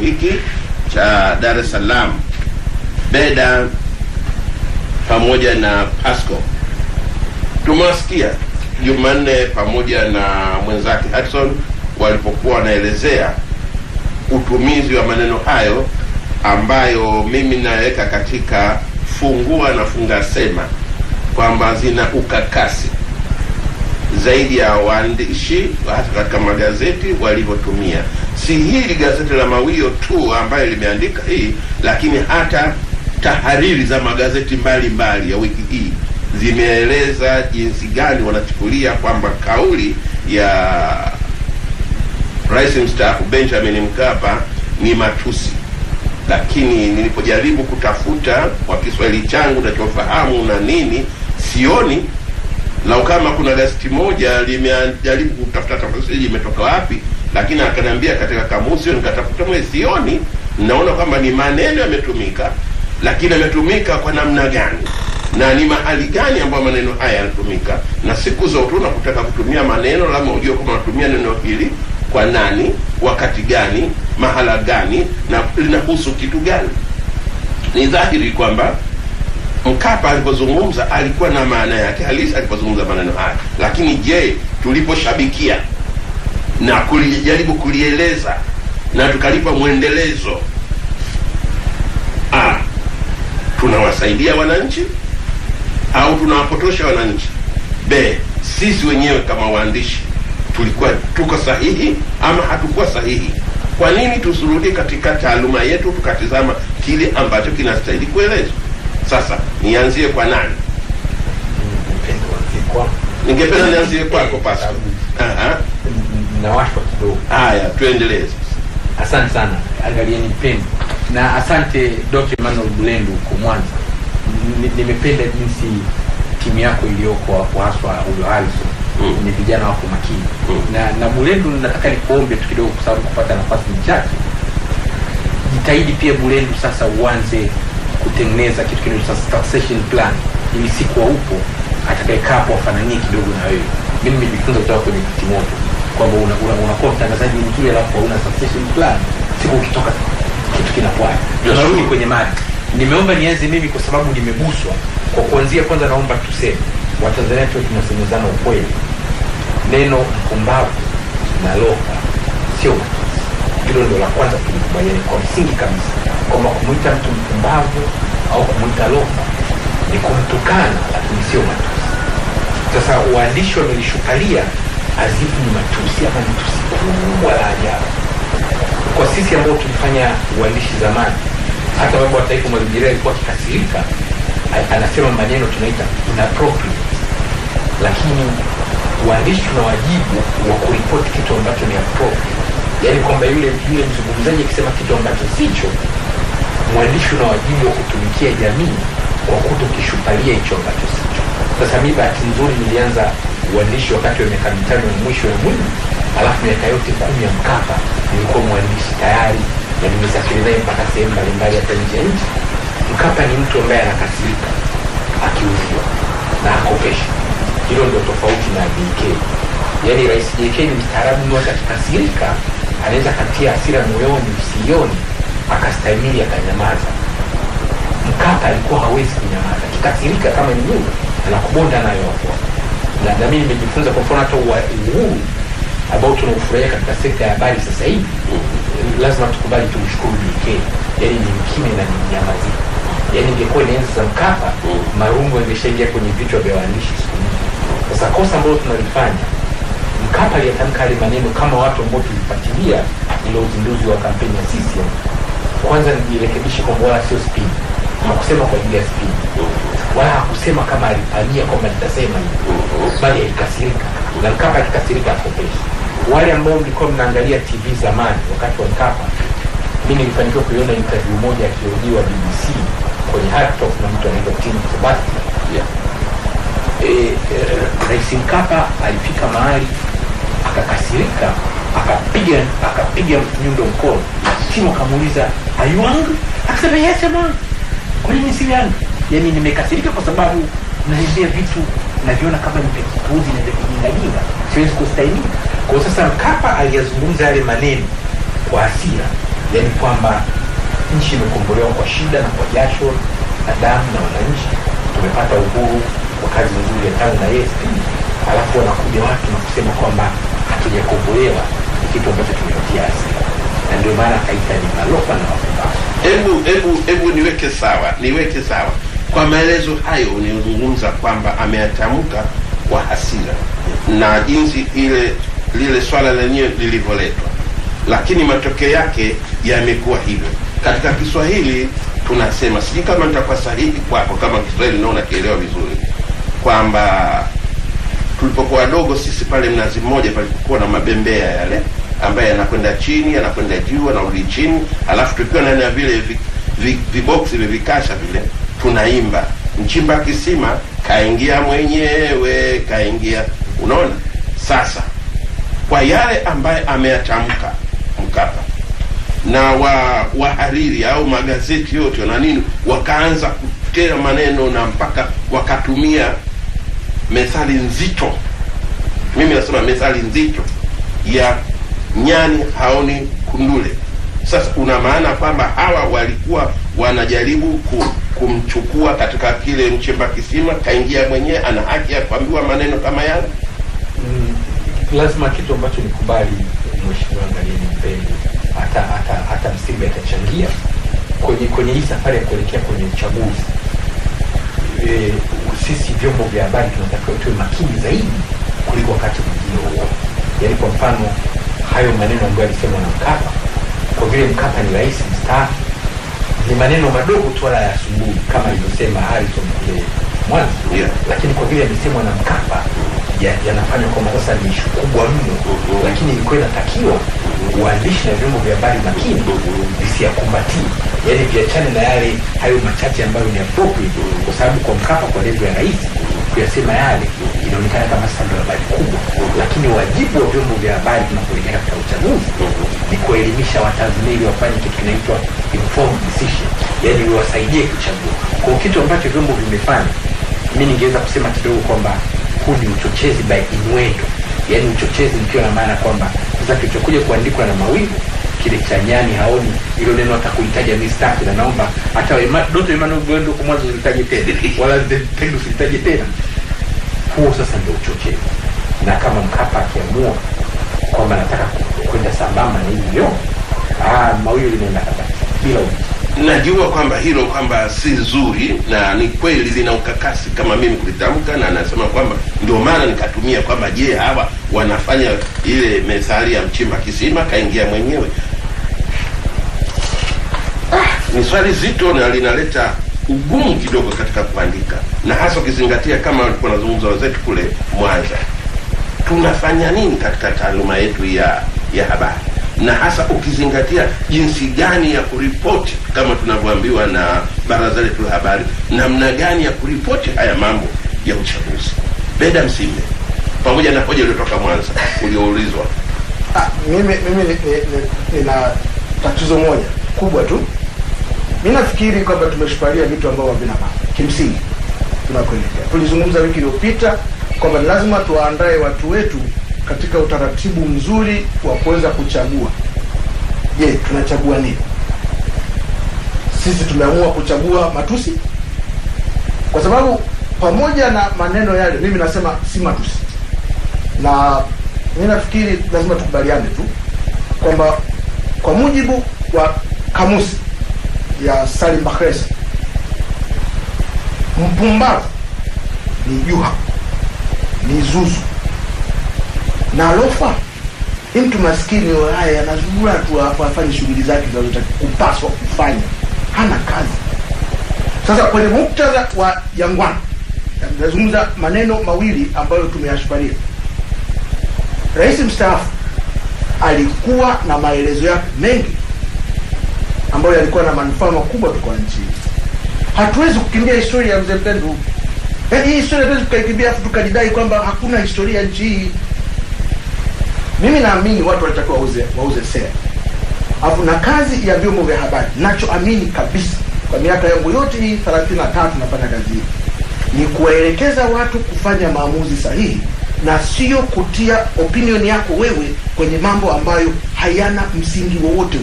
hiki cha Dar es Salaam, Beda pamoja na Pasco. Tumewasikia Jumanne pamoja na mwenzake Hudson walipokuwa wanaelezea utumizi wa maneno hayo ambayo mimi naweka katika fungua na funga sema kwamba zina ukakasi zaidi ya waandishi hata katika magazeti walivyotumia si hili gazeti la Mawio tu ambayo limeandika hii, lakini hata tahariri za magazeti mbalimbali mbali ya wiki hii zimeeleza jinsi gani wanachukulia kwamba kauli ya rais mstaafu Benjamin Mkapa ni matusi. Lakini nilipojaribu kutafuta kwa Kiswahili changu nachofahamu na nini, sioni lau kama kuna gazeti moja limejaribu kutafuta tafsiri imetoka wapi lakini akaniambia katika kamusi, nikatafuta mwe sioni, naona kwamba ni maneno yametumika, lakini yametumika kwa namna gani na ni mahali gani ambayo maneno haya yanatumika. Na siku zote unakutaka kutumia maneno, lama ujue kwamba unatumia neno hili kwa nani, wakati gani, mahala gani, na linahusu kitu gani. Ni dhahiri kwamba Mkapa alipozungumza alikuwa na maana yake halisi alipozungumza maneno haya, lakini je, tuliposhabikia na kulijaribu kulieleza na tukalipa mwendelezo A, ah, tunawasaidia wananchi au tunawapotosha wananchi? B, sisi wenyewe kama waandishi tulikuwa tuko sahihi ama hatukuwa sahihi? Kwa nini tusurudi katika taaluma yetu tukatizama kile ambacho kinastahili kuelezwa? Sasa nianzie kwa nani? Ningependa nianzie kwako Pasco nawashwa kidogo. Haya, tuendelee sasa. Asante sana, angalieni mpendo, na asante Dr. Emmanuel Bulendu huko Mwanza. Nimependa jinsi timu yako iliyoko hapo haswa huyo Alison mm. ni vijana wako makini mm. na na Bulendu, nataka nikuombe tu kidogo, kwa sababu kupata nafasi ni Jitahidi pia Bulendu, sasa uanze kutengeneza kitu kinaitwa succession plan, ili siku upo atakayekaa hapo afananie kidogo na wewe. Mimi nimejifunza kutoka kwenye kiti kwamba unakuwa mtangazaji mzuri alafu una succession plan, siku ukitoka kitu kinakwaya, tunarudi kwenye mali Nimeomba nianze mimi kwa sababu nimeguswa kwa kuanzia. Kwanza naomba tuseme, Watanzania tuwe tunasemezana ukweli. Neno mpumbavu na loka sio matusi. Hilo ndio la kwanza tulikubaliane kwa msingi kabisa, kwamba kumwita mtu mpumbavu au kumwita loka ni kumtukana, lakini sio matusi. Sasa waandishi wamelishukalia azifu ni matusi ama ni tusi kubwa la ajabu kwa sisi ambao tulifanya uandishi zamani. Hata baba wa taifa Mwalimu alikuwa akikasirika, anasema maneno tunaita inappropriate, lakini uandishi tuna wajibu wa kuripoti kitu ambacho ni appropriate, yaani kwamba yule yule mzungumzaji akisema kitu ambacho sicho, mwandishi una wajibu wa kutumikia jamii kwa kishupalia hicho ambacho sicho. Sasa mi bahati nzuri nilianza uandishi wakati wa miaka mitano ya mwisho ya Mwinyi, alafu miaka yote kumi ya Mkapa nilikuwa mwandishi tayari na nimesafiri naye mpaka sehemu mbalimbali hata nje ya nchi. Mkapa ni mtu ambaye anakasirika akiuziwa na akopesha. Hilo ndio tofauti na dk Yaani Rais JK ni mstaarabu mno, akikasirika anaweza katia asira moyoni usioni, akastahimili akanyamaza. Mkapa alikuwa hawezi kunyamaza, kikasirika kama ni nyuma anakubonda nayo hapo na nami nimejifunza kwa mfano hata uhuru ambao tunaufurahia katika sekta ya habari sasa hivi mm-hmm. lazima tukubali tumshukuru JK yani ni mkime na ni yani ingekuwa ni enzi za mkapa mm-hmm. marungu angeshaingia kwenye vichwa vya waandishi siku sasa kosa ambalo tunalifanya mkapa aliyatamka yale maneno kama watu ambao tulifuatilia ile uzinduzi wa kampeni ya sisi kwanza nijirekebishe kwamba wala sio spini hakusema kwa ajili ya spini mm-hmm wala hakusema kama alipania kwamba nitasema hivi, mhm. bali alikasirika, na Mkapa alikasirika akopesha. Wale ambao mlikuwa mnaangalia TV zamani, wakati wa Mkapa, mi nilifanikiwa kuiona interview moja akiojiwa BBC kwenye hard na mtu anaitwa Tim Sebastian yeah. E, e, Rais Mkapa alifika mahali akakasirika, akapiga akapiga nyundo mkono. timu akamuuliza are Akasema yes I'm Kwa nini yani nimekasirika kwa sababu naivia vitu naviona kama ni vya na siwezi kustahimili kwa sasa mkapa aliyazungumza yale maneno kwa asira yani kwamba nchi imekombolewa kwa shida na kwa jasho na damu na wananchi tumepata uhuru kwa kazi nzuri ya tano na yesi alafu wanakuja watu na kusema kwamba hatujakombolewa ni kitu ambacho tumepatia asira na ndio maana akaita ni malofa na wakubaa hebu hebu hebu niweke sawa niweke sawa kwa maelezo hayo nilizungumza kwamba ameatamka kwa hasira na jinsi ile lile swala lenyewe lilivyoletwa, lakini matokeo yake yamekuwa hivyo. Katika Kiswahili tunasema, sijui kama nitakuwa sahihi kwako, kama Kiswahili nao nakielewa vizuri, kwamba tulipokuwa wadogo sisi pale Mnazi Mmoja palikuwa na mabembea yale ambaye yanakwenda chini, yanakwenda juu, anarudi chini, alafu tukiwa ndani ya vile viboksi vi, vi, vi, vi, vikasha vile tunaimba mchimba kisima kaingia mwenyewe kaingia. Unaona sasa, kwa yale ambaye ameyatamka Mkapa na wa wahariri au magazeti yote na nini, wakaanza kutea maneno na mpaka wakatumia methali nzito, mimi nasema methali nzito ya nyani haoni kundule. Sasa kuna maana kwamba hawa walikuwa wanajaribu ku, kumchukua katika kile mchimba kisima, kaingia mwenyewe, ana haki ya kuambiwa maneno kama yale. Mm, lazima kitu ambacho nikubali, mheshimiwa Ngalini Mpembe hata hata hata Msimbe atachangia kwenye kwenye hii safari ya kuelekea kwenye uchaguzi. E, sisi vyombo vya habari tunatakiwa tuwe makini zaidi kuliko wakati mwingine huo. Yaani, kwa mfano hayo maneno ambayo alisema na Mkapa kwa vile Mkapa ni rais mstaafu, ni maneno madogo tu ya asubuhi kama ilivyosema Harrison kule mwanzo yeah. Lakini kwa vile yamesemwa na Mkapa yanafanywa ya kwa makosa ni ishu kubwa mno, lakini ilikuwa inatakiwa waandishi na vyombo vya habari makini visiyakumbatii, yaani viachane na yale hayo machache ambayo ni appropriate, kwa sababu kwa Mkapa kwa levo ya rais kuyasema yale inaonekana kama sasa ya habari kubwa, lakini wajibu wa vyombo vya habari tunapoelekea katika uchaguzi kuelimisha Watanzania wafanye kitu kinaitwa informed decision, yani iwasaidie kuchagua. Kwa kitu ambacho vyombo vimefanya, mimi ningeweza kusema kidogo kwamba huu ni uchochezi by inwendo yani uchochezi nikiwa na maana kwamba sasa kilichokuja kuandikwa na mawingu kile cha nyani haoni, ilo neno atakuitaja mimi na naomba hata Doto Emmanuel kwa mwanzo usitaje tena, wala Pendo usitaje tena. Huo sasa ndio uchochezi, na kama Mkapa akiamua kwamba nataka kwenda sambamba na hivyo ah, mawili nenda kabisa bila najua kwamba hilo kwamba si nzuri na ni kweli lina ukakasi kama mimi kulitamka na nasema kwamba ndio maana nikatumia kwamba je hawa wanafanya ile methali ya mchimba kisima kaingia mwenyewe ah, ni swali zito na linaleta ugumu kidogo katika kuandika na hasa ukizingatia kama walikuwa nazungumza wenzetu kule mwanza tunafanya nini katika taaluma yetu ya ya habari, na hasa ukizingatia jinsi gani ya kuripoti kama tunavyoambiwa na baraza letu la habari, namna gani ya kuripoti haya mambo ya uchaguzi. Beda msime pamoja na hoja iliyotoka Mwanza ulioulizwa, ah, mimi nina tatizo moja kubwa tu. Mi nafikiri kwamba tumeshupalia vitu ambavyo vina maana kimsingi tunakoelekea. Tulizungumza wiki iliyopita kwamba lazima tuwaandae watu wetu katika utaratibu mzuri wa kuweza kuchagua. Je, tunachagua nini? Sisi tumeamua kuchagua matusi, kwa sababu pamoja na maneno yale, mimi nasema si matusi, na mi nafikiri lazima tukubaliane tu kwamba kwa mujibu wa kamusi ya Salim Bakhresa, mpumbavu ni juha mizuzu na alofa mtu maskini haya anazurura tu hapo, afanye shughuli zake zinazotaka kupaswa kufanya, hana kazi. Sasa kwenye muktadha wa Jangwani, nazungumza maneno mawili ambayo tumeyashukalia Rais mstaafu alikuwa na maelezo yake mengi ambayo yalikuwa na manufaa makubwa tukwa nchi. Hatuwezi kukimbia historia ya mzee huku Yaani hii historia hatuwezi tukaikimbia afu tukajidai kwamba hakuna historia nchi hii. Mimi naamini watu walitakiwa wauze wauze sera. Alafu na kazi ya vyombo vya habari, nachoamini kabisa kwa miaka yangu yote hii 33 nafanya kazi hii ni kuwaelekeza watu kufanya maamuzi sahihi na sio kutia opinion yako wewe kwenye mambo ambayo hayana msingi wowote